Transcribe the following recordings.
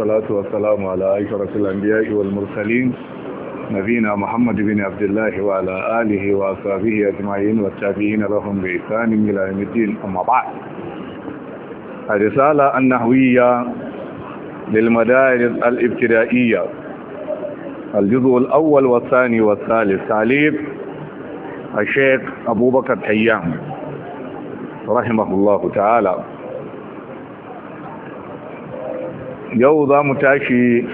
الصلاة والسلام على أشرف الأنبياء والمرسلين نبينا محمد بن عبد الله وعلى آله وأصحابه أجمعين والتابعين لهم بإحسان إلى يوم الدين أما بعد الرسالة النحوية للمدارس الابتدائية الجزء الأول والثاني والثالث تعليق الشيخ أبو بكر حيام رحمه الله تعالى yau za mu tashi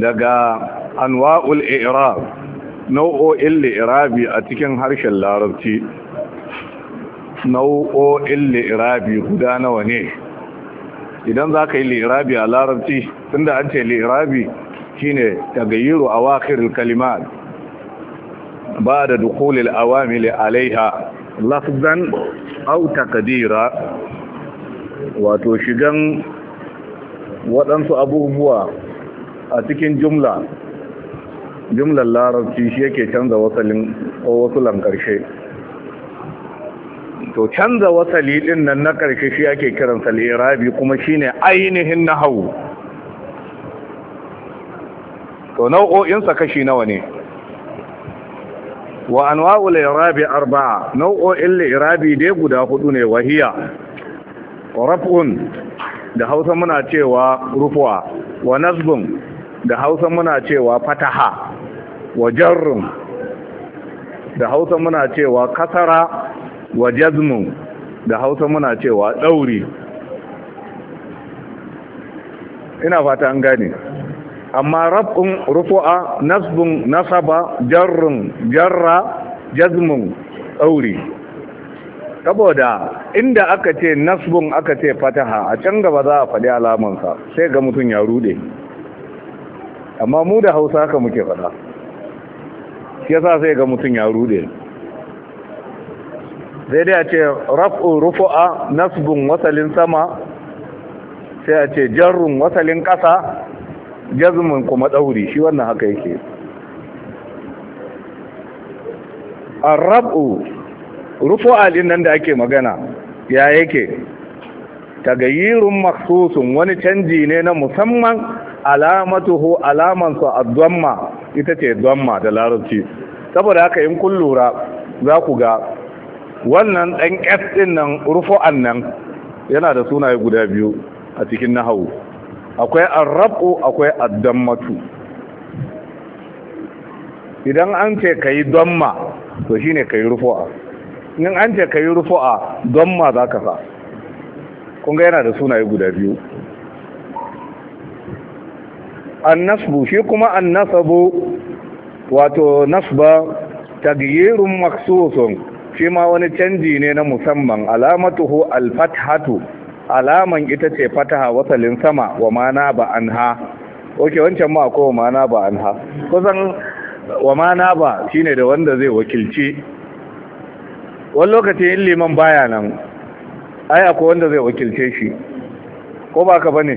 daga anwa'ul i'rab nau'o'in irabi a cikin harshen larabci nau'o'in irabi guda nawa ne idan za ka yi irabi a larabci tunda an ce li'irabi shine tagayyiru awakhirul kalimat ba da dukulil awamili alaiha lafzan auta kadira wato shigan waɗansu abubuwa a cikin jumla jumlar larabci shi yake canza wasalin wasulan ƙarshe to canza wasali ɗin nan na ƙarshe shi yake kiran salirabi kuma shi ne ainihin na hau to nau'o'insa kashi nawa ne wa anwa'ul irabi arba'a nau'o'in irabi dai guda hudu ne wahiya raf'un da hausa muna cewa rufuwa wa nasbun da hausa muna cewa fataha wa jarrun da hausa muna cewa kasara wa jazmun da hausa muna cewa ɗauri ina fata an gane amma rafin rufu'a nasbun nasaba jarrun jarra jazmun ɗauri saboda inda aka ce nasbun aka ce fataha a can gaba za a faɗi alamansa sai ga mutum ya rude amma mu da hausa haka muke faɗa shi yasa sai ga mutum ya rude Zai dai a ce raf'u rufu'a nasbun wasalin sama sai a ce jarrun wasalin ƙasa jazmin kuma ɗauri shi wannan haka yake A rabu. rufu'a din nan da ake magana ya yake tagayyirun maksusun wani canji ne na musamman alamatuhu alamansu a dhamma ita ce dhamma da larabci saboda haka yin kun lura za ku ga wannan ɗan ƙas ɗin nan nan yana da sunaye guda biyu a cikin nahawu akwai arrabu akwai addammatu idan an ce ka yi damma to shi ne ka yi rufu'a in an ce ka yi rufu'a don ma za ka sa kunga yana da sunaye guda biyu An nasbu shi kuma an nasabu wato nasba tagyirun maksusun shi ma wani canji ne na musamman alamatuhu alfathatu alaman ita ce fataha wasalin sama wa mana ba ha. oke wancan ma akwai wa mana ba ha. kusan wa mana ba shine da wanda zai wakilci wani lokacin yin liman baya nan ai akwai wanda zai wakilce shi ko ba ka bane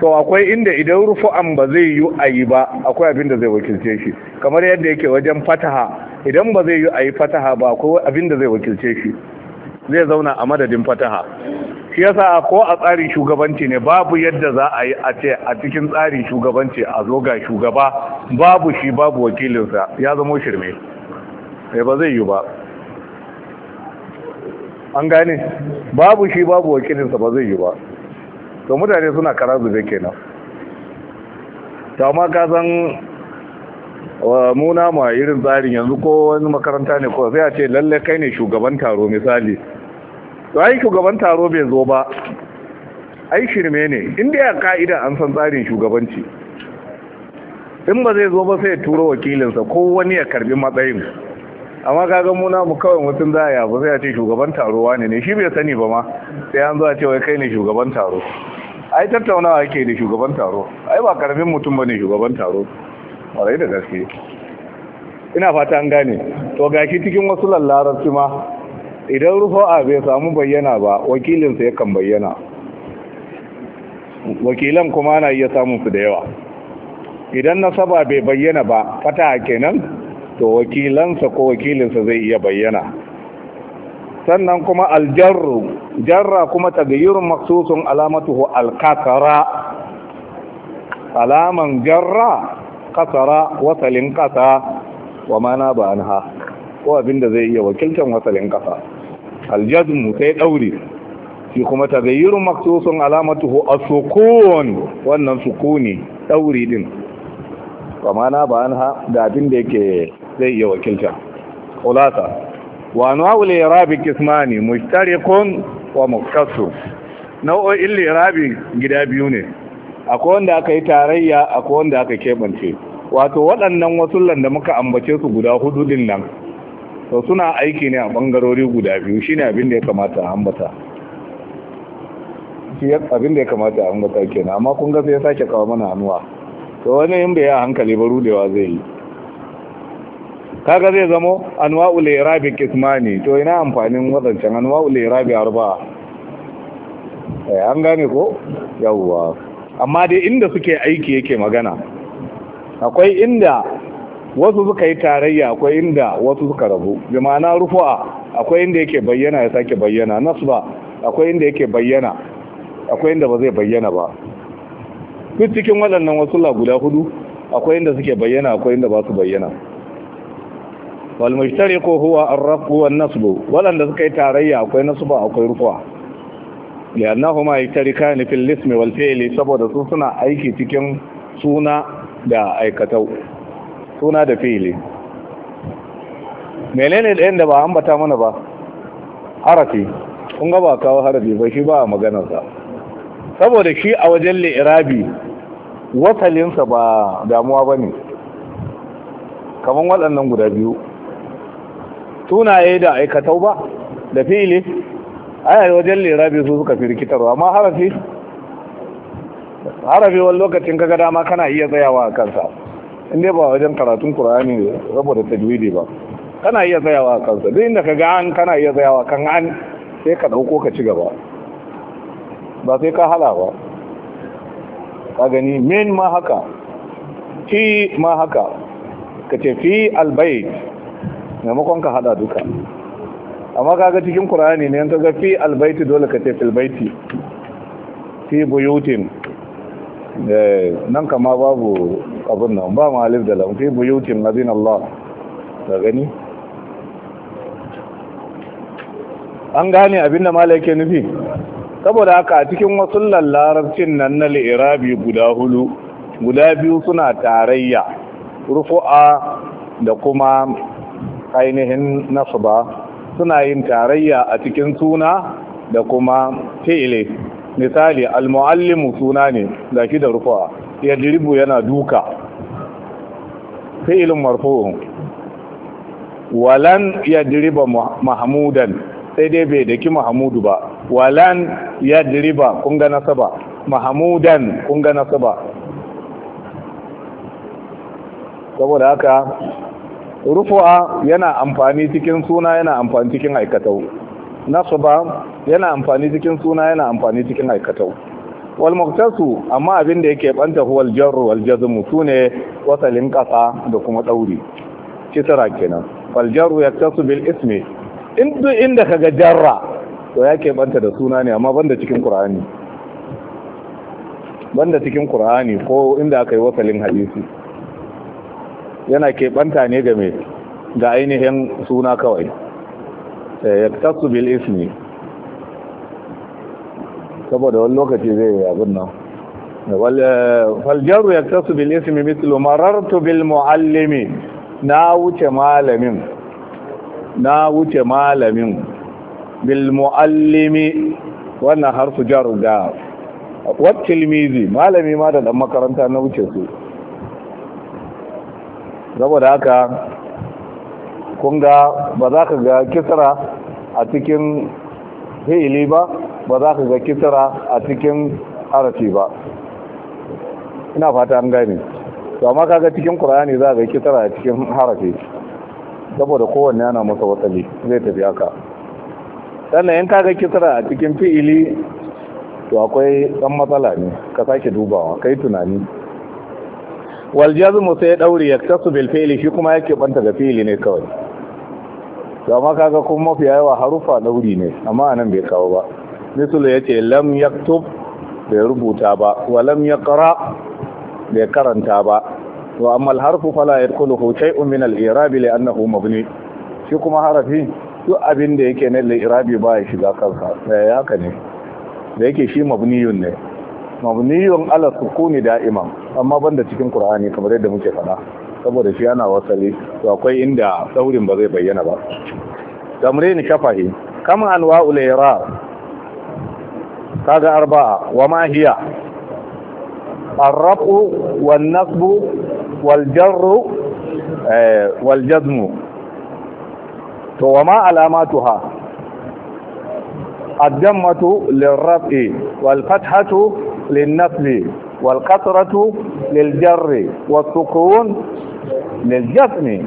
to akwai inda idan rufu'an ba zai yi a yi ba akwai abin da zai wakilce shi kamar yadda yake wajen fataha idan ba zai yi a yi fataha ba akwai abin da zai wakilce shi zai zauna a madadin fataha shi yasa ko a tsarin shugabanci ne babu yadda za a yi a ce a cikin tsarin shugabanci a zo ga shugaba babu shi babu wakilinsa ya zamo shirme eh, ba zai yi ba an gane babu shi babu wakilinsa ba zai yi ba to mutane suna kara zube kenan ta ma ka san muna ma irin tsarin yanzu ko wani makaranta ne ko sai a ce lalle kai ne shugaban taro misali to ai shugaban taro bai zo ba ai shirme ne inda ya ka'ida an san tsarin shugabanci in ba zai zo ba sai ya turo wakilinsa ko wani ya karbi matsayin amma kaga mu na mu kawai mutum za a ba sai a ce shugaban taro wani ne shi bai sani ba ma sai an zo a ce wai kai ne shugaban taro ai tattaunawa yake ne shugaban taro ai ba karamin mutum bane shugaban taro warai da gaske ina fata an gane to gashi cikin wasu lallarar ma idan a bai samu bayyana ba wakilinsa yakan bayyana wakilan kuma na iya samun su da yawa idan nasaba bai bayyana ba fata kenan to wakilansa ko wakilinsa zai iya bayyana sannan kuma aljarru jarra kuma tagayyurun maksusun alamatuhu alkakara alaman jarra kasara wasalin kasa wa mana ba ha ko abinda zai iya wakiltan wasalin kasa aljazmu sai daure shi kuma tagayyurun maksusun alamatuhu asukun wannan sukuni daure din wa mana ba ha da abinda yake zai iya wakilta kulasa wa anwa'ul i'rabi qismani mushtariqun wa muqtasu nau'o'in Rabi gida biyu ne akwai wanda aka yi tarayya akwai wanda aka keɓance wato waɗannan wasullan da muka ambace su guda hudu din nan to suna aiki ne a ɓangarori guda biyu shine abin da ya kamata a ambata shi abin da ya kamata a ambata kenan amma kun ga sai ya sake kawo mana hannuwa to wani yin bai a hankali ba rudewa zai yi kaga zai zamo anwa'ul irabi kismani to ina amfanin wadancan anwa'ul irabi arba'a eh an gane ko yawwa amma dai inda suke aiki yake magana akwai inda wasu suka yi tarayya akwai inda wasu suka rabu bi ma'ana rufu'a akwai inda yake bayyana ya sake bayyana nasba akwai inda yake bayyana akwai inda ba zai bayyana ba duk cikin waɗannan wasu guda hudu akwai inda suke bayyana akwai inda ba su bayyana walmushtari ko huwa ar wa nasbu wadanda suka yi tarayya akwai nasba akwai Ya yi tarika ni fil ismi wal fi'li saboda su suna aiki cikin suna da aikatau suna da fi'li menene da da ba ambata mana ba harafi kun ga ba kawo harafi ba shi ba maganarsa saboda shi a wajen li'irabi wasalinsa ba damuwa ba ne kamar waɗannan guda biyu yayi da aikatau ba da fili ayar wajen lirabi su suka fi rikitarwa amma harafi harafi wani lokacin kaga dama kana iya tsayawa a kansa inda ba wajen karatun kurani ne saboda tajwidi ba kana iya tsayawa a kansa duk inda kaga an kana iya tsayawa kan an sai ka dauko ka ci gaba ba sai ka hala ba ka gani min ma haka fi ma haka ka ce fi albayt maimakon ka hada duka amma kaga cikin qur'ani ne ga fi albaiti dole ka ce fil baiti fi buyutin eh, nan kama babu abin nan ba ma alif da lam fi buyutin azin Allah da gani an gane abinda mala yake nufi saboda haka cikin wasu larabcin nan na li'irabi guda hulu guda biyu suna tarayya rufu'a da kuma ainihin nasba suna yin tarayya a cikin suna da kuma fi'ile misali almuallimu suna ne shi da Ya jiribu yana duka fi'ilin marfu'un walan ya jiriba mahamudan sai dai bai daki mahamudu ba walan yadriba kun ga nasaba mahamudan kun ga nasaba saboda haka rufu'a yana amfani cikin suna yana amfani cikin aikatau ba yana amfani cikin suna yana amfani cikin aikatau wal muqtasu amma abin da yake banta huwal jarr wal jazm sune wasalin kasa da kuma dauri kitara kenan wal jarr yaktasu bil ismi inda inda kaga jarra to yake banta da suna ne amma banda cikin qur'ani banda cikin qur'ani ko inda aka yi wasalin hadisi yana keɓanta ne game da ainihin suna kawai eh, ya tasu bil ismi saboda wani lokaci zai yi abin nan eh, faljaru ya tasu bil ismi mislu marartu bil muallimi na wuce malamin na wuce malamin bil muallimi wannan harsu jaru da wat tilmizi malami ma da dan makaranta na wuce su saboda haka kun ga ba za ka ga kisra a cikin fi'ili ba ba za ka ga kisra a cikin harafi ba ina fata an gane to amma kaga cikin qur'ani za ga kisra a cikin harafi saboda kowanne yana masa watsali zai tafi haka sannan in kaga kisra a cikin fi'ili to akwai ɗan matsala ne ka sake dubawa kai tunani wal jazmu sai dauri kasu bil fi'li shi kuma yake banta ga fi'li ne kawai to amma kaga kuma mafi yawa harufa dauri ne amma anan bai kawo ba misalu yace lam yaktub bai rubuta ba wa lam yaqra bai karanta ba to amma al harfu fala yadkhuluhu shay'un min al i'rab li annahu mabni shi kuma harafi duk abin da yake na al i'rab ba ya shiga kansa sai eh, haka ne da yake shi mabniyun ne mabniyun ala sukuni da'iman amma banda cikin qur'ani kamar yadda muke faɗa saboda shi yana wasali to akwai inda saurin ba zai bayyana ba tamrin shafahi kama anwa'ul irar kaga arba'a wa ma hiya wal jarru eh, wal jazmu to wa ma alamatuha ad للرفع والفتحة للنفل والقطرة للجر والسكون للجسم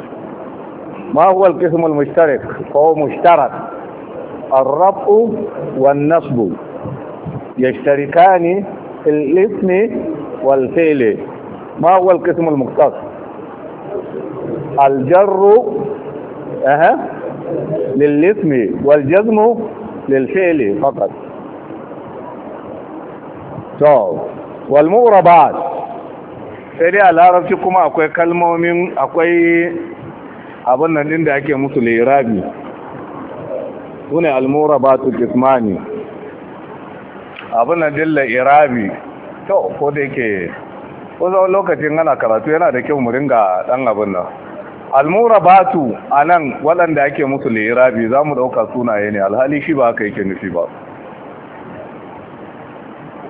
ما هو القسم المشترك فهو مشترك الرفع والنصب يشتركان في الاسم والفعل ما هو القسم المختص الجر أه. للاسم والجزم للفعل فقط to wal mughrabat sai dai a larabci kuma akwai kalmomin akwai abin nan din da ake musu lirabi sune al mughrabatul ismani abin nan din lirabi to ko da yake wasu lokacin ana karatu yana da kyau mu ringa dan abin nan almurabatu anan waɗanda ake musu lirabi za mu ɗauka sunaye ne alhali shi ba haka yake nufi ba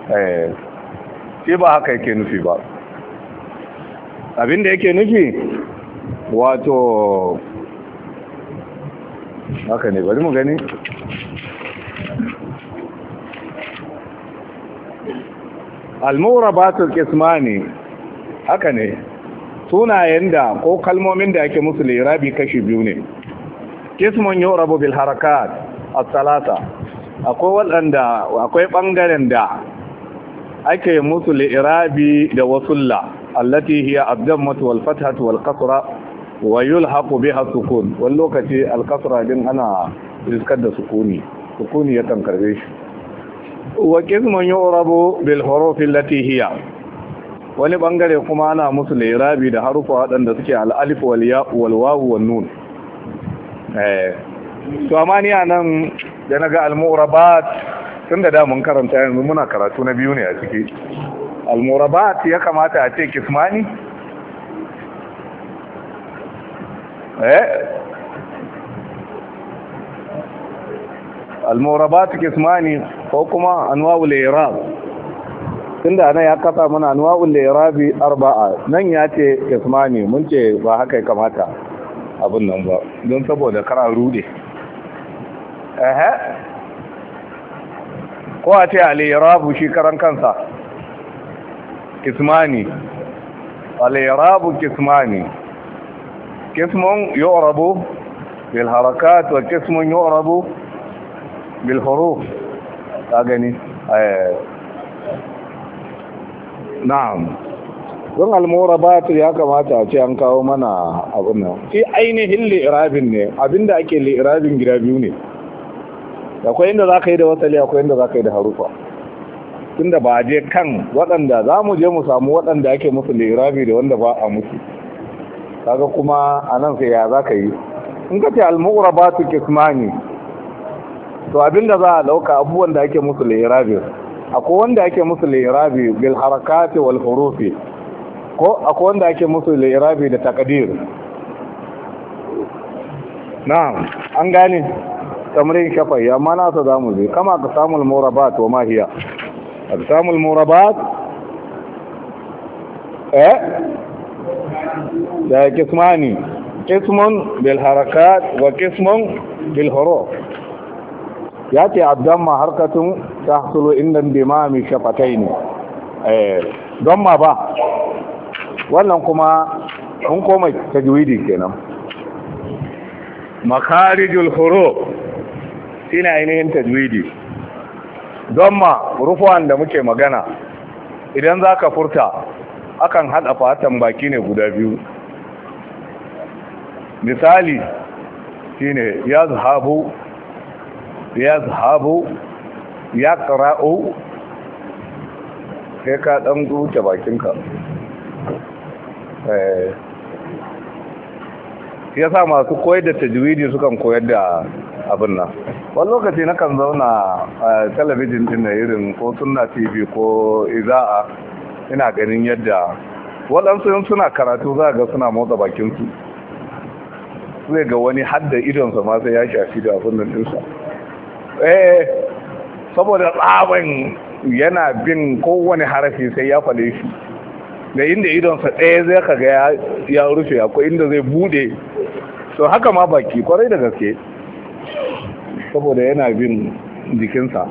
Eh, shi ba haka yake nufi ba abinda yake nufi wato haka ne bari mu gani almurabatul Kismani haka ne sunayen da ko kalmomin da yake musu lirabi kashi biyu ne kismun yau rabu bil harakat a salata akwai waɗanda akwai ɓangaren da ake musu li'irabi da wasulla allati hiya abdammatu wal fathatu wal qasra wa yulhaqu biha sukun wal lokaci al qasra din ana iskar da sukuni sukuni ya kan karbe shi wa qismun yu'rabu bil huruf allati hiya wani bangare kuma ana musu lirabi da harufa waɗanda suke al alif wal ya wal wawu wal nun eh to ni anan da naga al mu'rabat tun da damun karanta yanzu muna karatu na biyu ne a ciki almurabat ya kamata a ce kismani eh almurabat kismani ko kuma anwa'ul i'rab tunda ana ya kafa mana anwa'ul i'rabi arba'a nan ya ce kismani mun ce ba haka ya kamata abin nan ba don saboda kara rude eh ko a ce al'irabu shi karan kansa kismani Rabu kismani kismun yorabu bil harakatu, wa kismun yorabu bil horo, ta gani eh. na'am don ta ya kamata a ce an kawo mana abin nan shi ainihin li'irabin ne abinda ake li'irabin gida biyu ne akwai inda za ka yi da wasali akwai inda za ka yi da harufa tunda ba je kan waɗanda za mu je mu samu waɗanda ake musu lirabi da wanda ba a musu kaga kuma a nan sai ya za ka yi in ka ce almura ba su kismani to abinda za a ɗauka abubuwan da ake musu lirabi akwai wanda ake musu lirabi bil harakati wal hurufi ko akwai wanda ake musu lirabi da takadir na an gane tamrin shafai amma nasa za mu zai kama ka samu al-murabat wa mahiya A ka samu al-murabat eh da kismani kismun bil harakat wa kismun bil huruf ya ce abdan ma harkatun ta hasulu inda dimami shafatai ne eh, don ma ba wannan kuma an koma tajwidi kenan makarijul huruf shi ne ainihin tajwidi don ma rufuwan da muke magana idan za ka furta akan haɗa fatan baki ne guda biyu misali shi ne ya zahabu ya zahabu ya ƙara'u sai ka ɗan duke bakinka eh, ya sa masu koyar da tajwidi sukan koyar da abin nan wani lokaci na kan zauna talabijin din na irin ko suna tv ko iza'a ina ganin yadda waɗansu yin suna karatu za ga suna motsa bakinsu zai ga wani hadda idonsa ma sai ya shafi da abin nan ɗinsa eh saboda tsaban yana bin kowane harafi sai ya fale shi da inda idonsa ɗaya zai kaga ya rufe akwai inda zai bude to haka ma baki kwarai da gaske saboda yana bin jikinsa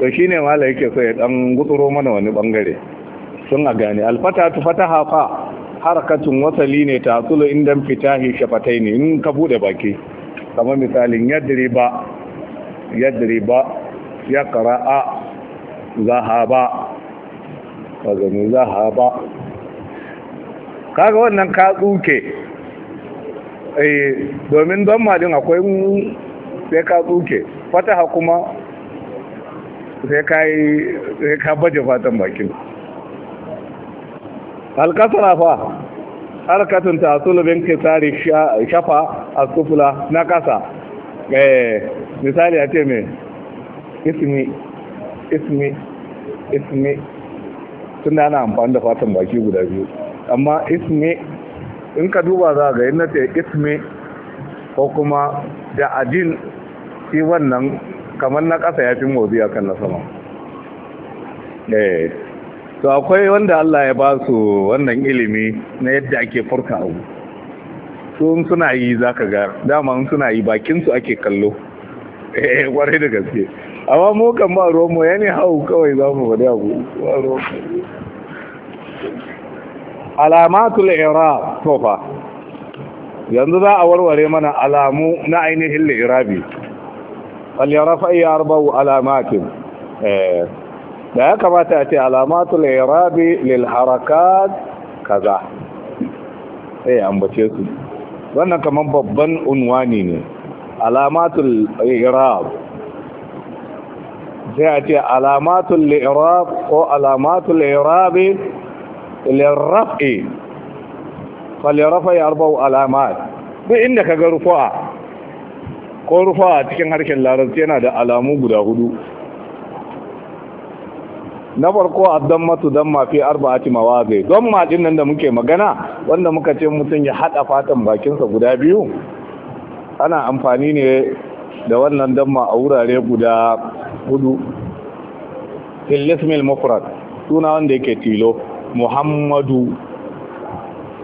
to shi ne mala yake so ya dan gutsuro mana wani bangare sun a gane alfata tu fata hafa harakatun wasali ne ta tsulo inda shi shafatai ne in ka bude baki kamar misalin yadriba yadriba ya qara'a zahaba wazani zahaba kaga wannan ka tsuke eh, domin don madin akwai sai ka tsuke fataha kuma sai ka yi sai ka baje fatan bakin alkasara fa harkatun ta sulubin kisari shafa a tsufula na kasa eh, misali a ce mai ismi ismi ismi tun da ana amfani da fatan baki guda biyu amma ismi in ka duba za ga yi na ismi ko kuma da adin shi wannan kamar na ƙasa ya fi a akan na sama eh, to akwai wanda Allah ya ba su wannan ilimi na yadda ake furta abu sun suna yi ka ga dama suna yi bakinsu ake kallo eh kwarai da gaske amma mu kan ba ruwan mu yani hau kawai za mu bada abu alamatul ira tofa, yanzu za a warware mana alamu na ainihin la'irabi. wal iya arba'u alamatin eh da ya kamata a ce alamatul irabi lil harakat kaza eh ambace su wannan kaman babban unwani ne alamatul irab sai a ce alamatul irab ko alamatul irabi rafi falirafa ya arba'u alamat duk inda ka ga rufu'a ko rufa a cikin harshen larabci yana da alamu guda hudu na farko addan matu dan mafi arba'ati mawaze don maɗin nan da muke magana wanda muka ce mutum ya haɗa fatan bakinsa guda biyu ana amfani ne da wannan damma a wurare guda hudu filismil mufrad suna wanda yake tilo muhammadu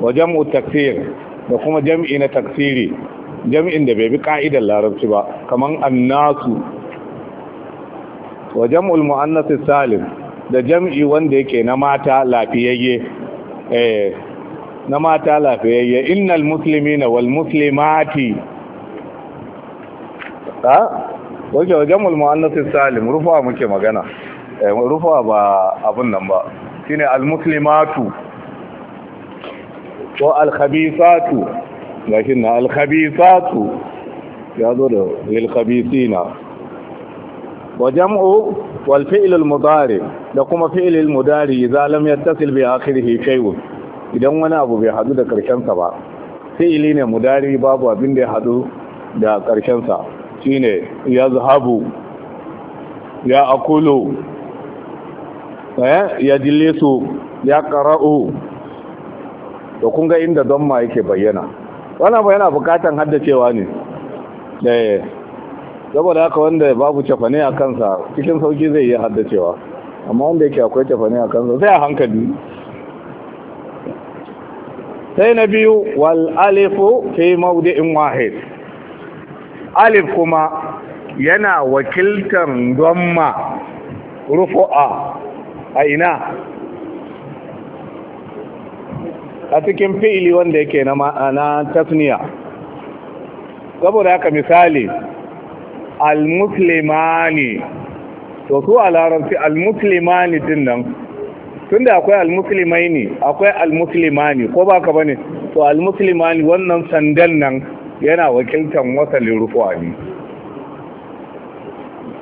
wa jam'u taksir da kuma jam'i na taksiri jami'in da bai bi ka'idar larabci ba kaman annasu wa jam'ul muannas salim da jami'i wanda yake na mata lafiyayye eh na mata lafiyayye innal muslimina wal muslimati ha wajen jam'ul muannas salim rufa muke magana eh, rufa ba abun nan ba shine al muslimatu wa al khabisatu lakin na alkhabisatu ya zo da lilkhabisina wa jam'u wal fi'l al mudari da kuma fi'l al mudari idza lam yattasil bi akhirih shay'un idan wani abu bai hadu da karshen sa ba fi'ili ne mudari babu abin da ya hadu da karshen sa shine yazhabu ya akulu eh, ya jillisu ya qara'u da kun ga inda don damma yake bayyana wannan ba yana bukatan haddacewa ne ɗaya eh. saboda haka wanda babu cefane a kansa cikin sauki zai iya haddacewa amma wanda yake akwai cefane a kansa sai a hankali sai na biyu wal alifu fi in wahid alif kuma yana wakiltar ma rufu a ina a cikin fi'ili wanda yake na ma'ana tasniya saboda haka misali al-muslimani to su a larabci al-muslimani din nan tunda akwai al-muslimaini akwai al-muslimani ko ba ka bane to al-muslimani wannan sandan nan yana wakiltan wasalin ne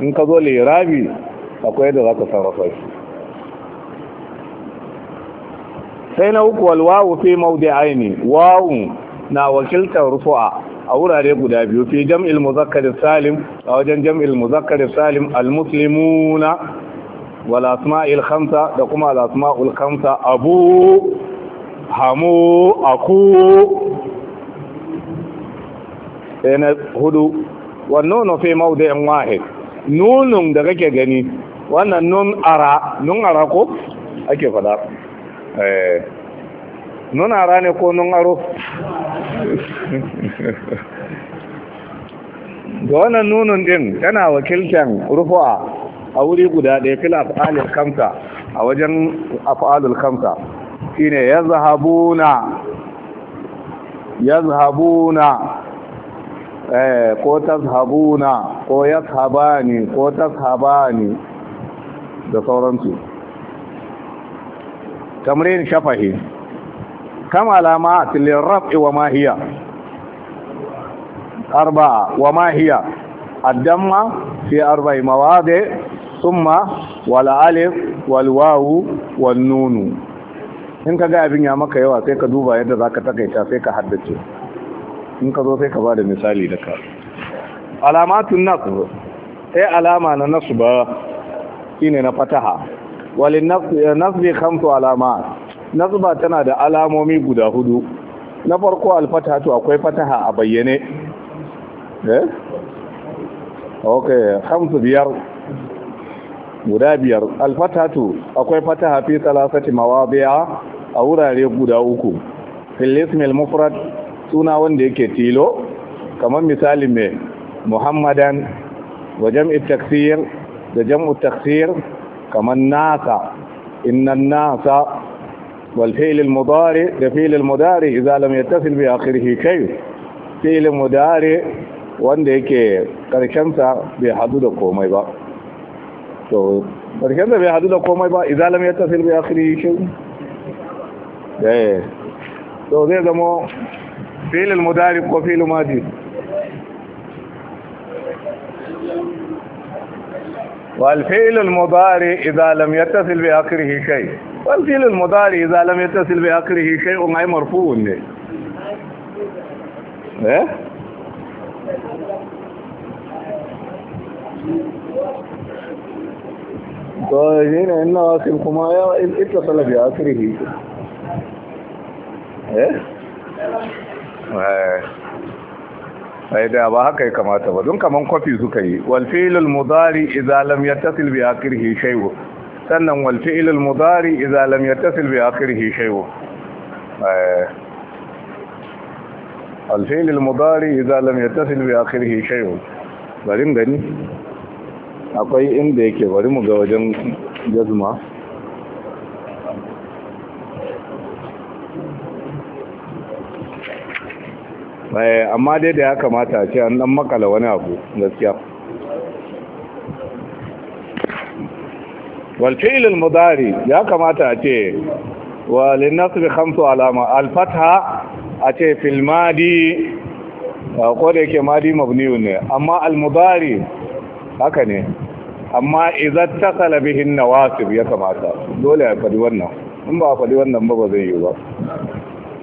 in ka zo lirabi akwai da za ka sarrafa shi sai na uku walwawu fi aini wawu na wakiltar rufu'a a wurare guda biyu fi jam'il muzakkar salim a wajen jam'il muzakkar salim almuslimuna wal asma'il khamsa da kuma al asma'ul khamsa abu hamu aku sai na hudu wannan fi mawdi'in wahid nunun da kake gani wannan nun ara nun ara ko ake fada Eh, nuna rane ko nun aro da wannan nunun din tana wakiltan rufuwa a wuri guda ɗaya fil af'alil kamsa a wajen af'alul kamsa Ya yazhabuna ya eh ko tazhabuna ko yazhabani ko tazhabani da sauransu tamrin shafahi kama alamat lirraf'i wa ma hiya arba'a wa ma hiya الدم في أربع مواضع ثم والألف والواو والنون in ka ga abin ya maka yawa sai ka duba yadda za ka takaita sai ka haddace in ka zo sai ka ba misali da ka alamatun nasu sai eh, alama na nasu ba shine na fataha Wali nasbi khamsu alama nasba tana da alamomi guda hudu na farko alfata to akwai fataha a bayyane eh okay khamsu biyar guda biyar alfata to akwai fataha fi salasati mawadi'a a wurare guda uku fil ismil mufrad suna wanda yake tilo kamar misalin mai muhammadan wa jam'i taksir da jam'u taksir kamar nasa innan nasa والفعل المضارع ده فعل المضارع اذا لم يتصل باخره كيف فعل المضارع wanda yake karshensa bai hadu da komai ba to karshensa bai hadu da komai ba idan ya yattasil bi akhirih shay eh to zai zama filin al-mudari ko fi'l madi والفعل المضارع إذا لم يتصل بآخره شيء والفعل المضارع إذا لم يتصل بآخره شيء وما مرفوع إيه قائلين إن قمايا اتصل بآخره إيه, إيه. sai da ba haka ya kamata ba don kaman kwafi suka yi wal fi'lul mudari idza lam yattasil bi akhirhi shay'u sannan wal fi'lul mudari idza lam yattasil bi akhirhi shay'u wal eh. fi'lul mudari idza lam yattasil bi akhirhi shay'u bari gani akwai inda yake bari mu ga wajen jazma Eh, amma dai da ya kamata a ce an dan makala wani abu gaskiya wal fi'l al mudari ya kamata a ce wa lin nasb khamsu alama al fatha a ce fil madi ko da yake madi mabniun ne amma al mudari haka ne amma idza takala bihin nawasib ya kamata dole ya faɗi wannan in ba faɗi wannan ba ba zai yi ba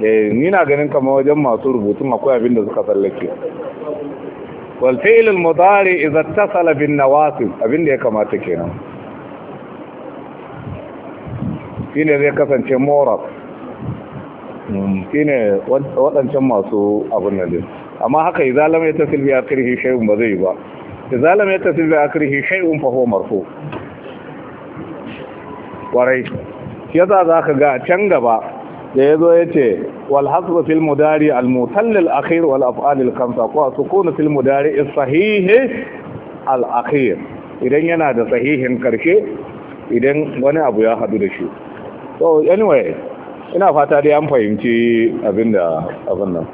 eh ni na ganin kamar wajen masu rubutun akwai abin da suka tsallake wal fi'l al mudari idza ittasala bin nawasib abin da ya kamata kenan shine zai kasance morab hmm, shine waɗancan masu abin da din amma haka idza lam yattasil bi akhirih shay'un ba zai ba idza lam yattasil bi akhirih shay'un fa huwa marfu warai yadda za ka ga can gaba da ya zo ya ce walhasbu fil mudari al-mutallil akhir wal af'alil khamsa ko a fil mudari as-sahih al-akhir idan yana da sahihin karshe idan wani abu ya hadu da shi so anyway ina fata dai an fahimci abinda abin nan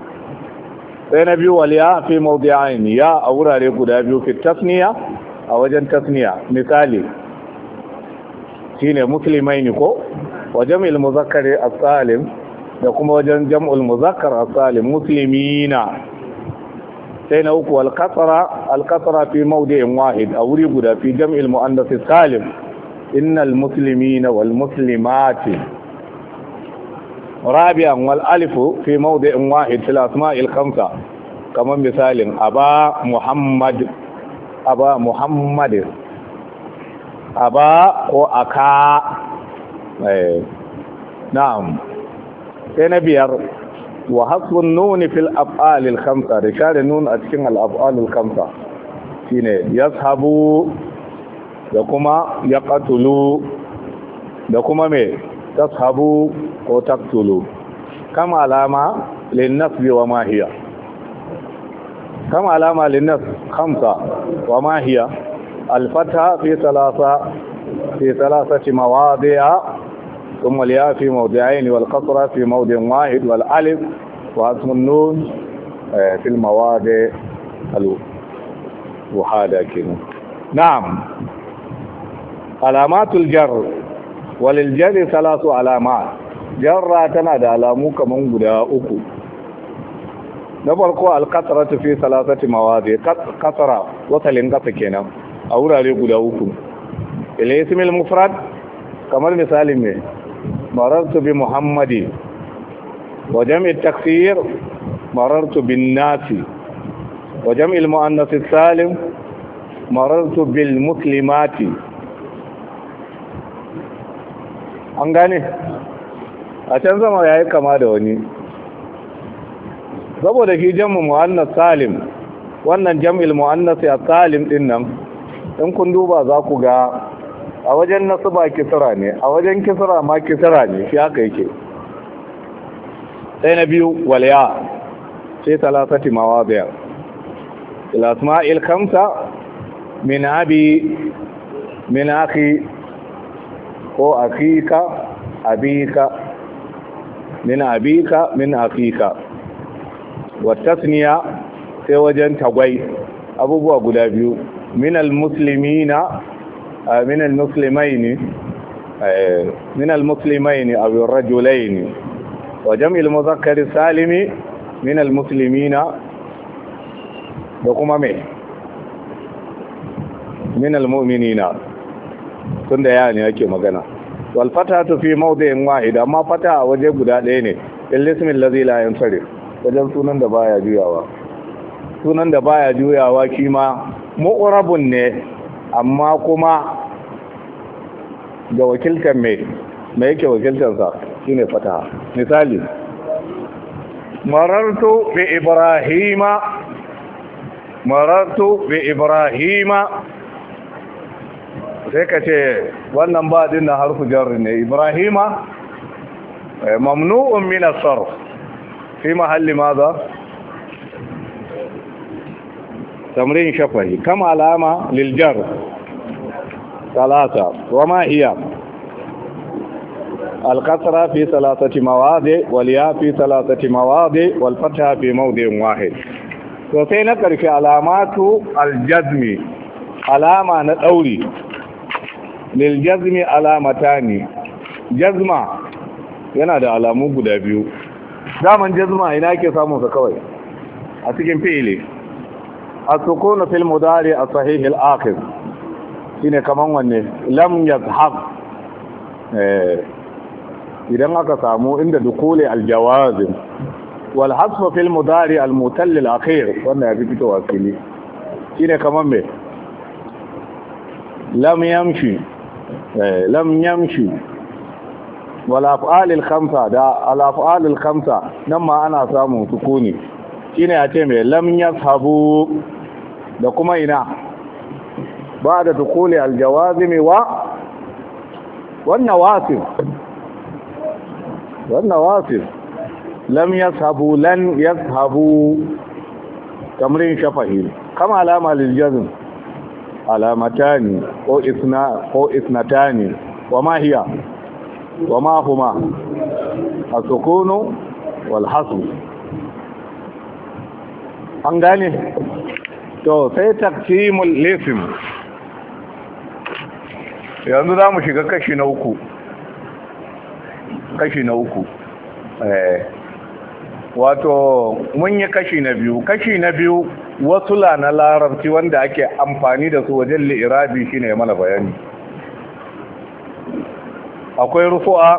sai na biyu wal ya fi mawdi'ain ya a wurare guda biyu fi tasniya a wajen tasniya misali shine muslimaini ko Wajen jam'il muzakkari as-salim da kuma wajen jam'ul muzakkar a salim musulmina. sai na uku al-qasra al-qasra fi mawdi'in wahid a wuri guda fi jam'il muannath as-salim innal muslimina wal muslimati رابعا والالف في موضع واحد في الاسماء الخمسه كما مثال ابا محمد ابا محمد ابا او اكا Eh. na'am sai na biyar wa hasbun nuni fil af'alil khamsa da share nun a cikin al af'alil khamsa shine yashabu da kuma yaqtulu da kuma me tashabu ko taqtulu kam alama lin nasbi wa ma kam alama lin nas wa ma hiya al fatha fi thalatha fi thalathati mawadi'a ثم الياء في موضعين والقطرة في موضع واحد والالف واسم النون آه، في المواد الوحادة كده نعم علامات الجر وللجر ثلاث علامات جر تنادى علاموك من قداؤك نبرقوا القطرة في ثلاثة مواد قطرة وطلن قطكنا أولا لقداؤك الاسم المفرد كما المثال marartu بمحمد وجمع wa مررت بالناس marartu bin السالم wa بالمسلمات salim marartu bil an gane a can zama ya yi kama da wani saboda shi jam'u muannas salim wannan jam'il muannas salim din nan in kun duba za ku ga a wajen ba kisra ne a wajen kisra ma kisira ne shi haka yake sai na biyu walya sai talatati biyar. ilasma'il kamsa min abi min aki ko akika abika min abika min akika watasniya sai wajen tagwai abubuwa guda biyu min almuslimina من المسلمين من المسلمين أو الرجلين وجمع المذكر السالم من المسلمين وكما من المؤمنين tunda ya ne yake magana wal fatatu fi mawdi'in wahid amma fata a waje guda ɗaya ne illismi allazi la yansarif wajen sunan da baya juyawa sunan da baya kima mu'rabun ne amma kuma ga wakiltar mai mai yake wakiltarsa shi ne fata. misali marartu bi ibrahima marartu bi ibrahima sai ka ce wannan ba din na harfu jarri ne ibrahima eh, mamnu'un min as-sarf fi mahalli madha tamrin shafahi kam alama liljar talata wama iya القطرة في ثلاثة مواضع والياء في ثلاثة مواضع والفتحة في موضع واحد وفي alamatu في علامات الجزم علامة Liljazmi للجزم ne. جزمة yana da alamu guda biyu daman jazma ina ke samun sa kawai a cikin fi'ili asukuna fil mudari a sahihil al-akhir shine kaman wanne lam yazhab idan aka samu inda dukuli al wal hasf fil mudari al-mutall al-akhir wannan yafi fitowa shi shine kaman me lam yamshi lam yamshi da الخمسه ده الافعال الخمسه nan ma ana samun sukuni shine a ce mai lam yashabu da kuma ina ba da tukuli aljawazimi wa wannan wasif wannan wasif lam yashabu lan yashabu tamrin shafahi kama alama liljazm alamatani ko isna ko isnatani wa ma hiya wa mahuma huma as-sukunu wal an gane to sai taqsimul lisim yanzu za mu shiga kashi na uku kashi na uku eh wato mun yi kashi na biyu kashi na biyu wasu na larabci wanda ake amfani da su wajen li'irabi shine mana bayani akwai rufu'a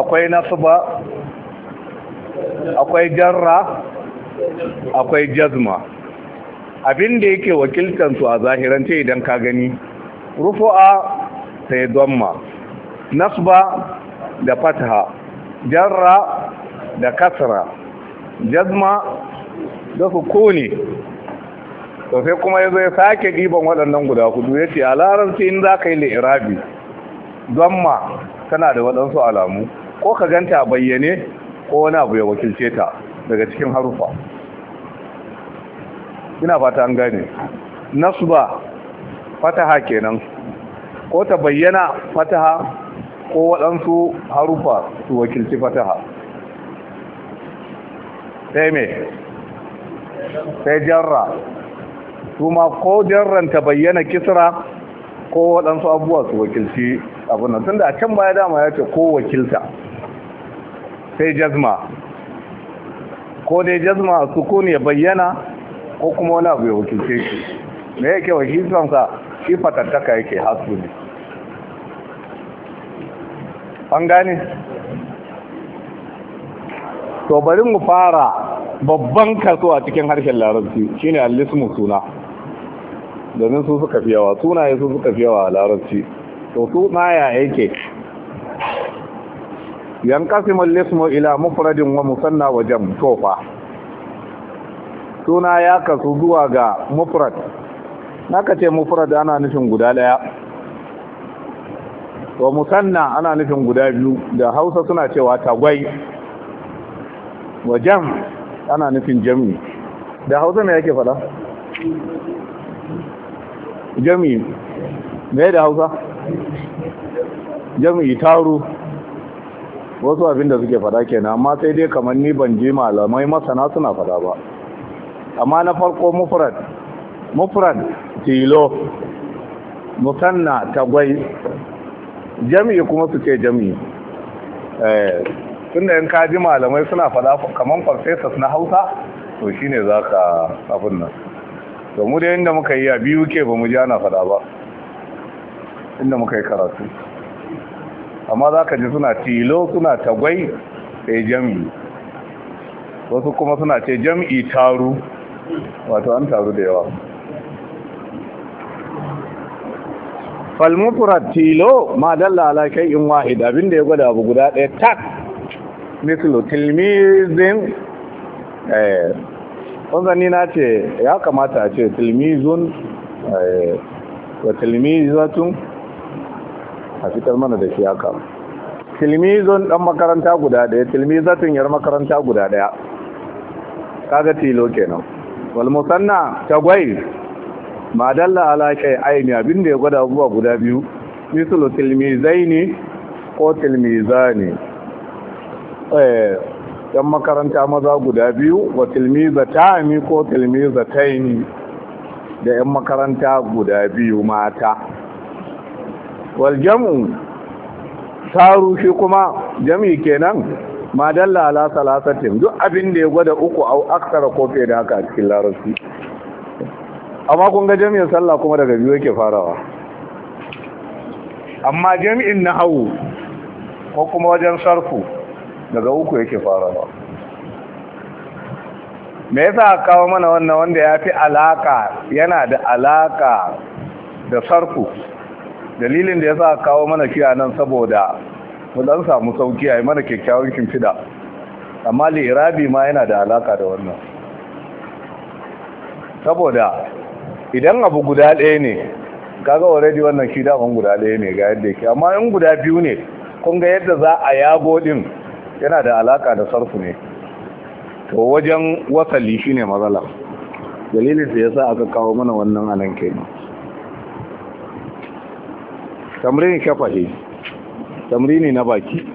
akwai nasba akwai jarra akwai jazma abin da yake wakiltansu a zahirance idan ka gani rufu'a sai donma nasba da fatha jarra da kasra jazma da hukuni to sai kuma ya zai sake ɗiban waɗannan guda hudu ya ce a larabci in za ka yi la'irabi donma tana da waɗansu alamu ko ka ganta bayyane ko wani abu ya wakilce ta daga cikin harufa ina fata an gane nasba fataha kenan ko ta bayyana fataha ko waɗansu harufa su wakilci fataha sai me sai jarra kuma ko jarran ta bayyana kisra ko waɗansu abuwa su wakilci abin nan tunda a can baya dama ya ce ko wakilta sai jazma ko dai jazma sukun ya bayyana ko kuma wani abu ya wakilce shi me yake sa shi fatattaka yake hasu ne an gane to bari mu fara babban kaso a cikin harshen larabci shine alismu suna domin su suka fi yawa sunaye su suka fi yawa a larabci to suna ya yake kasimun lismu ila mufradin wa musanna wajen tofa suna ya kasu zuwa ga mufrad naka ce mufrad ana nufin guda daya wa musanna ana nufin guda biyu da hausa suna cewa tagwai wa jam ana nufin jami da hausa ne yake fada jami mai da hausa jami taru wasu abinda suke fada kenan amma sai dai kamar ni ban je malamai masana suna fada ba amma na farko mufrad mufrad tilo musanna tagwai jami'i kuma su ce jami'i eh, tunda in kaji malamai suna fada kaman professors na hausa to shine za abun abin nan to mu dai inda muka yi a biyu ke ba mu ji ana fada ba inda muka yi karatu amma za ka ji suna tilo suna tagwai sai jami'i wasu kuma suna ce jami'i taru wato an taru da yawa falmufurat tilo ma dalla kai in wahid abinda ya gwada abu guda ɗaya tak mislu tilmizin eh kun na ce ya kamata a ce tilmizun eh, wa tilmizatun a fitar mana da shi haka tilmizun ɗan makaranta guda ɗaya tilmizatun yar makaranta guda ɗaya kaga tilo kenan walmusanna tagwai ma dalla ala kai aini abinda ya gwada abubuwa guda biyu misalu tilmizaini ko tilmizani eh dan makaranta maza guda biyu wa tilmizatani ko tilmizataini da yan makaranta guda biyu mata wal jam'u taru shi kuma jam'i kenan ma dalla ala salasatin duk abin da ya gwada uku au aksara ko fiye da haka a cikin larabci amma kun ga jami'in sallah kuma daga biyu yake farawa amma jami'in na hau ko kuma wajen sarfu daga uku yake farawa me yasa kawo mana wannan wanda ya fi alaka yana da alaka da sarfu dalilin da yasa kawo mana shi a nan saboda mu dan samu sauki a yi mana kyakkyawan shimfida, amma lirabi ma yana da alaka da wannan saboda idan abu guda ɗaya ne kaga already wannan shi daman guda ɗaya ne ga yadda yake amma in guda biyu ne kun ga yadda za a yago din yana da alaka da sarfu ne to wajen wasali shine matsala dalilin da yasa aka kawo mana wannan anan kenan tamrin shi ne na baki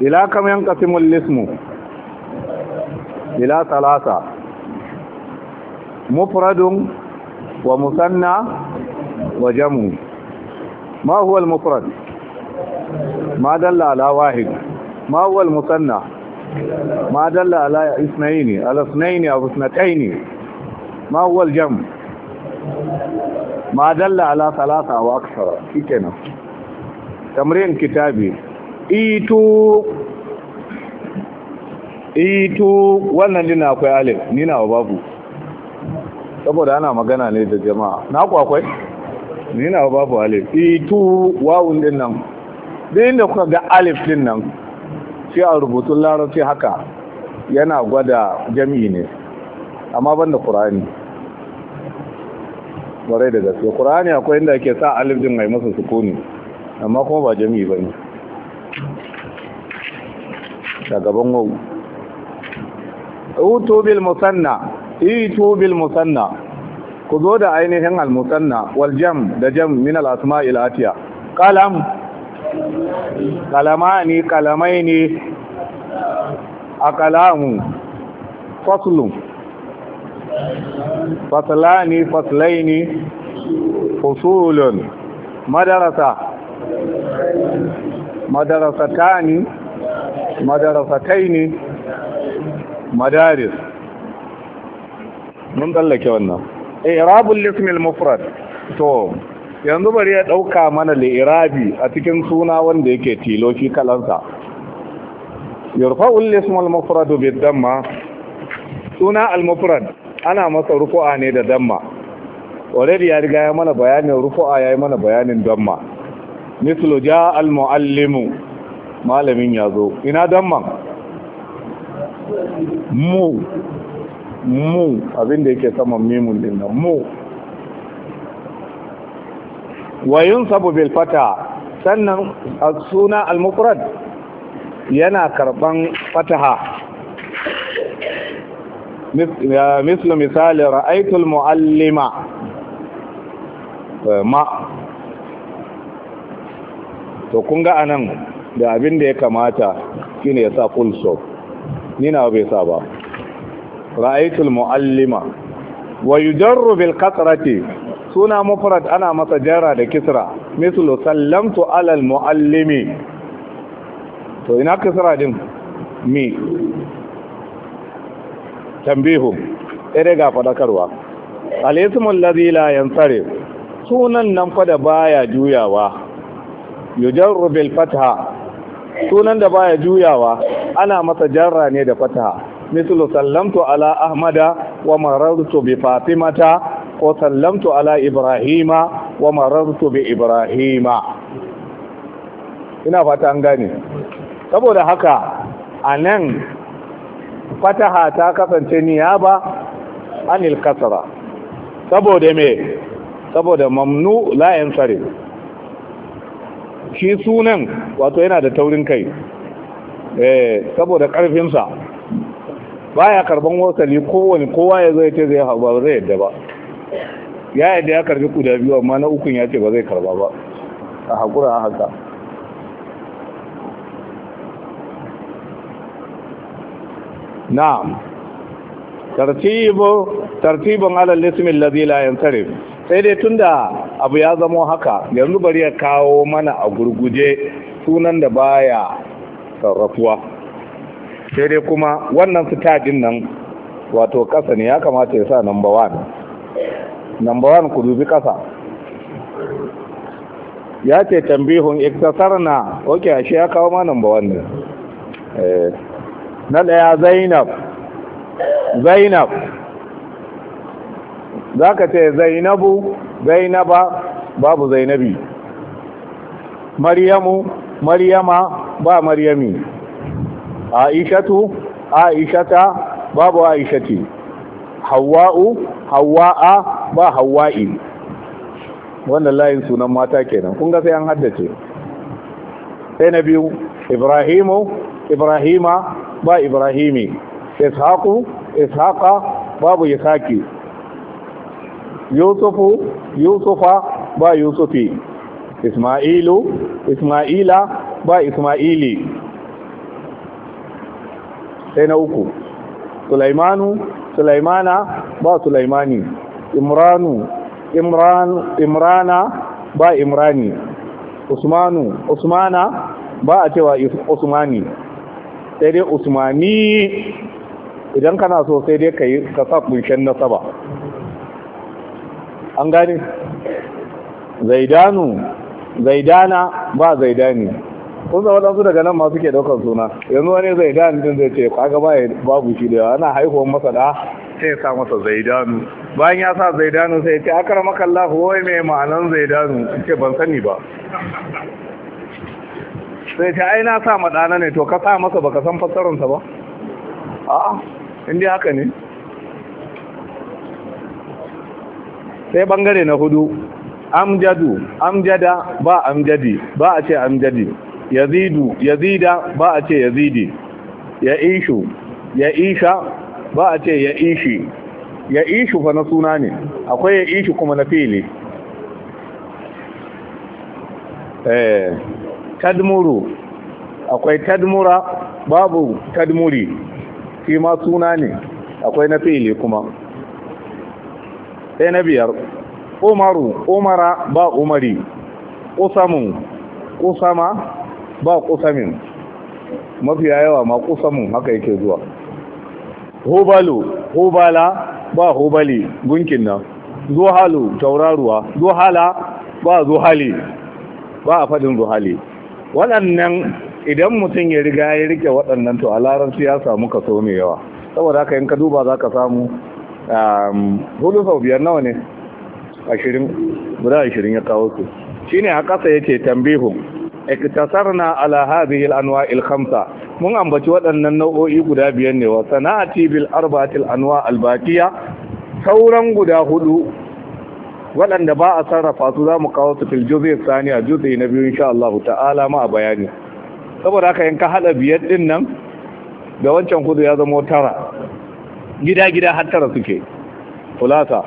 ila kam yanqasimul lismu ila salasa mufradun wa musanna wa jamu ma huwa al-mufrad ma dalla ala wahid ma huwa al-musanna ma dalla ala ithnayn ala ithnayn aw ithnatayn ma huwa al-jam ma dalla ala thalatha wa akthar kikenan yin kitabi ito ito wannan dina akwai alif nina wa babu saboda ana magana ne da jama'a na ku akwai nina wa babu alif ito wawun din nan din da kuka ga alif din nan shi a rubutun larabci haka yana gwada jami'i ne amma banda qur'ani bare da gaske qur'ani akwai inda ke sa alif din mai masa sukuni amma kuma ba jami'i ba ne da gaban wau utu bil musanna itu bil musanna ku zo da ainihin al musanna wal jam da jam min al asma'il atiya qalam qalamani qalamaini aqlamu faslun faslani faslaini fusulun madarasa madarasatani madarasataini madaris mun tsallake wannan irabul ismil mufrad to yanzu bari ya dauka mana li'irabi a cikin suna wanda yake tilo shi kalansa yurfa'ul ismul mufrad bi damma suna al mufrad ana masa rufu'a ne da damma already ya riga ya mana bayanin rufu'a yayi mana bayanin damma mislu ja al-muallimu malamin ya zo ina damman mu mu abinda yake saman mimun din nan mu wa yunsabu bil fata sannan suna al-mufrad yana karban fataha mislu misali ra'aytul muallima eh, ma to kun ga anan da abin da ya kamata shine ya sa full stop ni na bai sa ba ra'aytul muallima wa yujarru bil kasrati suna mufrad ana masa jara da kisra mislu sallamtu ala al muallimi to ina kisra din mi tambihu ere eh, ga fadakarwa al alladhi la yansarif sunan nan fa da baya juyawa yujarru bil fatha sunan da baya juyawa ana masa jarra ne da fataha mislu sallamtu ala ahmada wa marartu bi fatimata ko sallamtu ala ibrahima wa marartu bi ibrahima ina fata an gane saboda haka anan fataha ta kasance niyaba anil kasra saboda me saboda mamnu la yansarif shi sunan wato yana da taurin kai eh saboda karfinsa baya karban wasali kowane kowa ya zo ya ce zai ba zai yadda ba ya yadda ya karbi guda biyu amma na ukun ya ce ba zai karba ba a hakura a haka na'am tartibun alal ismin ladhi la sai dai tunda abu ya zamo haka yanzu bari ya kawo mana a gurguje sunan da baya sarrafuwa sai dai kuma wannan sitadin nan wato kasa ne ya kamata ya sa number one number one ku dubi kasa ya ce tambihun iktasar na oke ashe ya kawo ma number one ne eh, na daya zainab zainab Zaka ka ce zainabu zainaba babu zainabi maryamu maryama ba maryami aishatu aishata babu aishati hawa'u hawa'a ba hawa'i wannan layin sunan mata kenan kun ga sai an haddace sai na ibrahimu ibrahima ba ibrahimi ishaku ishaka babu ishaqi yusufu yusufa ba yusufi isma'ilu isma'ila ba isma'ili sai na uku sulaimanu sulaimana ba sulaimani imranu imran imrana ba imrani usmanu usmana ba a cewa usmani sai dai usmani idan kana so sai dai ka sa kunshen nasaba an gane zaidanu zaidana ba zaidani kun zama wadansu daga nan masu ke daukar suna yanzu wani zaidan din zai ce kaga ba babu shi da ana haihuwar masa da sai sa masa zaidanu bayan ya sa zaidanu sai ya ce akara makallahu wai mai ma'anan zaidanu ce ban sani ba sai ce ai na sa madana ne to ka sa masa baka san fassararsa ba a'a indai haka ne sai bangare na hudu amjadu amjada ba amjadi ba a ce amjadi yazidu yazida ba a ce yazidi ya ishu ya isha ba a ce ya ishi ya ishu fa na suna ne akwai ya ishi kuma na fili eh tadmuru akwai tadmura babu tadmuri shi ma suna ne akwai na fili kuma sai na biyar umaru umara ba umari kusamun kusama ba kusamin mafiya yawa ma kusamun haka yake zuwa hubalu hubala ba hubali gunkin nan zuhalu tauraruwa zuhala ba zuhali ba a faɗin zuhali waɗannan idan mutum ya riga ya rike waɗannan to a siyasa siyasa samu so mai yawa saboda haka yin ka duba za ka samu Um, hudu sau biyar nawa ne ashirin guda ashirin ya kawo su Shi ne a ƙasa ya ce tambihun ikitasar na al ilanwa al mun ambaci waɗannan nau'o'i guda biyar ne wa sana'ati bil arba'atil anwa' albakiya. sauran guda hudu waɗanda ba a sarrafa su za mu kawo su fil juzi sani a juzi na biyu insha Allah ta'ala ma a bayani saboda haka yanka ka hada biyar ɗinnan, nan da wancan hudu ya zama tara gida-gida har suke kulata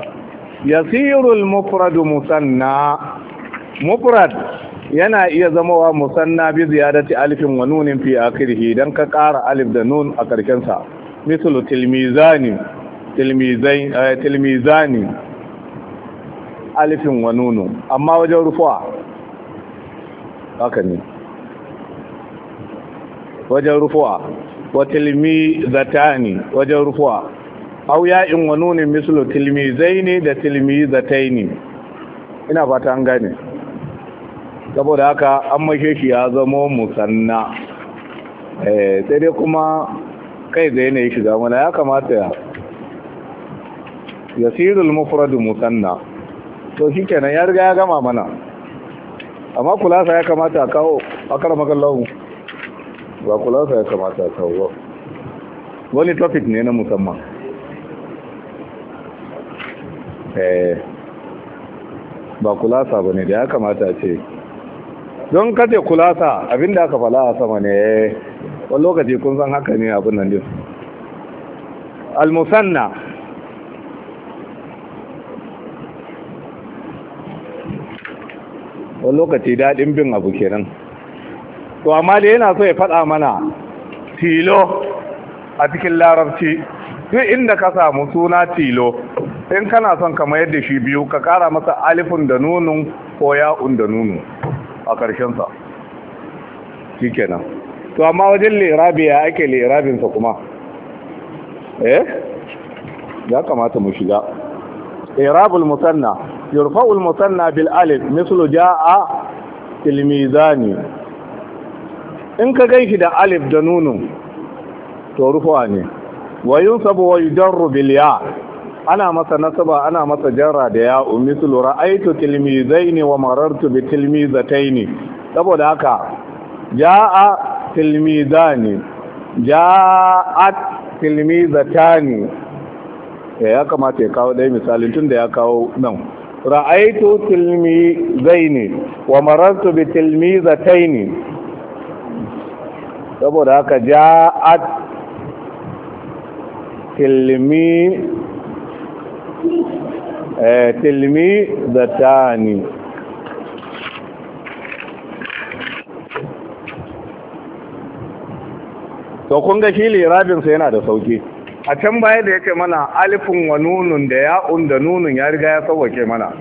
ya yasirul mufrad musanna mufrad yana iya zamawa musanna bi ziyadati alifin wa nunin fi akhirih dan ka ƙara alif da nun a ƙarshen sa mislu tilmizani tilmizai eh, tilmizani alifin wa nunu amma wajen rufuwa haka ne wajen rufuwa wa tilmi tilmizatani wajen rufuwa aw in wa nunin mislu tilmizaini da tilmizataini ina fata an gane saboda haka an mashe shi ya zama musanna eh sai dai kuma kai zai ne shiga mana ya kamata ya yasirul mufrad musanna to shikenan ya riga ya gama mana amma kulasa ya kamata a kawo akara makallahu ba kulasa ya kamata a kawo wani topic ne na musamman Eh, ba kulasa ba ne da ya kamata ce don kace kulasa abinda aka fala a sama ne eh, wani lokaci kun san haka ne abin nan din al-musanna wani lokaci daɗin bin abu kenan to amma da yana so ya faɗa mana tilo a cikin larabci duk inda ka samu suna tilo in kana son ka mayar da shi biyu ka kara masa alifin da nunun ko ya'un da nunu a ƙarshensa shi kenan to amma wajen lirabi ya ake lirabinsa kuma eh ya kamata mu shiga irabul musanna yurfa'ul musanna bil alif mislu jaa fil mizani in ka ganshi da alif da nunun to rufuwa ne wa yunsabu wa yujarru bil ya' ana masa nasaba ana masa jarra da ya umisul ra'aitu tilmizaini wa marartu bi tilmizataini saboda haka jaa tilmizani ja'at tilmizatani eh, ya kamata ya kawo dai misalin tun da ya kawo nan ra'aitu tilmizaini wa marartu bi tilmizataini saboda haka ja'at tilmi Eh, tilmi da tani to kun ga shi rabinsa yana da sauki a can baya da yake mana alifin wa nunun da ya'un da nunun ya riga ya sauwake mana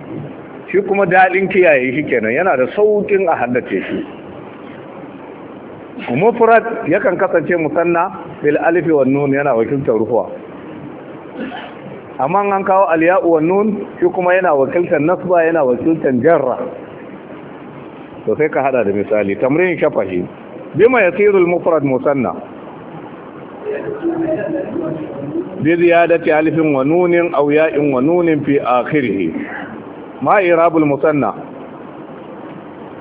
shi kuma daɗin kiyaye shi kenan yana da saukin a haddace shi mufrad yakan kasance musanna bil alifi wa nunun yana wakiltar ruhuwa amma an kawo alya'u wa nun shi kuma yana wakiltar nasba yana wakiltar jarra to sai ka hada da misali tamrin shafahi bima Yasirul mufrad musanna bi ziyadati alifin wa nunin aw ya'in wa nunin fi akhirih ma i'rabul musanna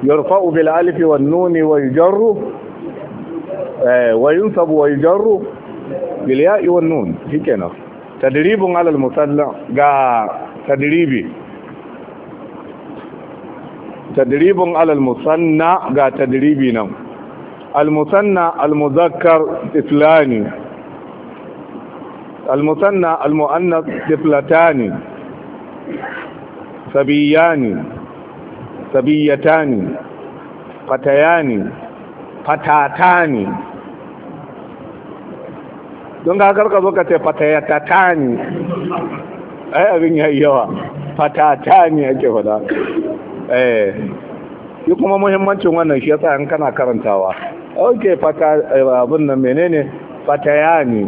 yarfa'u bil alif wan nuni wa yujarru eh, wa yunsabu wa yujarru bil ya'i wan nun shikenan tadribun alal musalla ga tadribi tadribun alal musanna ga tadribi nan al musanna al muzakkar tiflani al musanna tiflatani sabiyani sabiyatani fatayani fatatani don ga ka zo ka ce fatayatata ne ai abin ya yi yawa fatata ne ake fada eh shi kuma muhimmancin wannan shi yasa in kana karantawa ok fata eh, abin nan menene fataya ne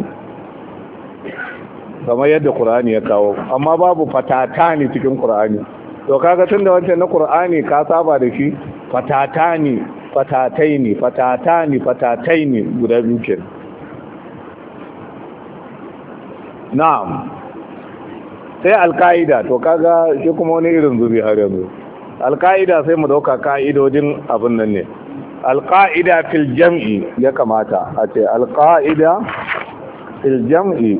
kamar yadda Qur'ani ya kawo amma babu fatata ne cikin kur'ani to kaga da wancan na kur'ani ka saba da shi fatata ne fatatai ne fatata ne fatatai ne guda biyu kenan na'am sai alka'ida to kaga shi kuma wani irin zubi har yanzu alka'ida sai mu dauka ka'idodin abin nan ne alka'ida fil jam'i ya kamata a ce alka'ida fil jam'i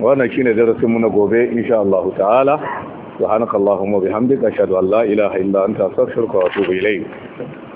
wannan shine darasinmu na gobe insha Allah ta'ala subhanakallahumma bihamdika ashhadu an la ilaha illa anta astaghfiruka wa atubu ilayk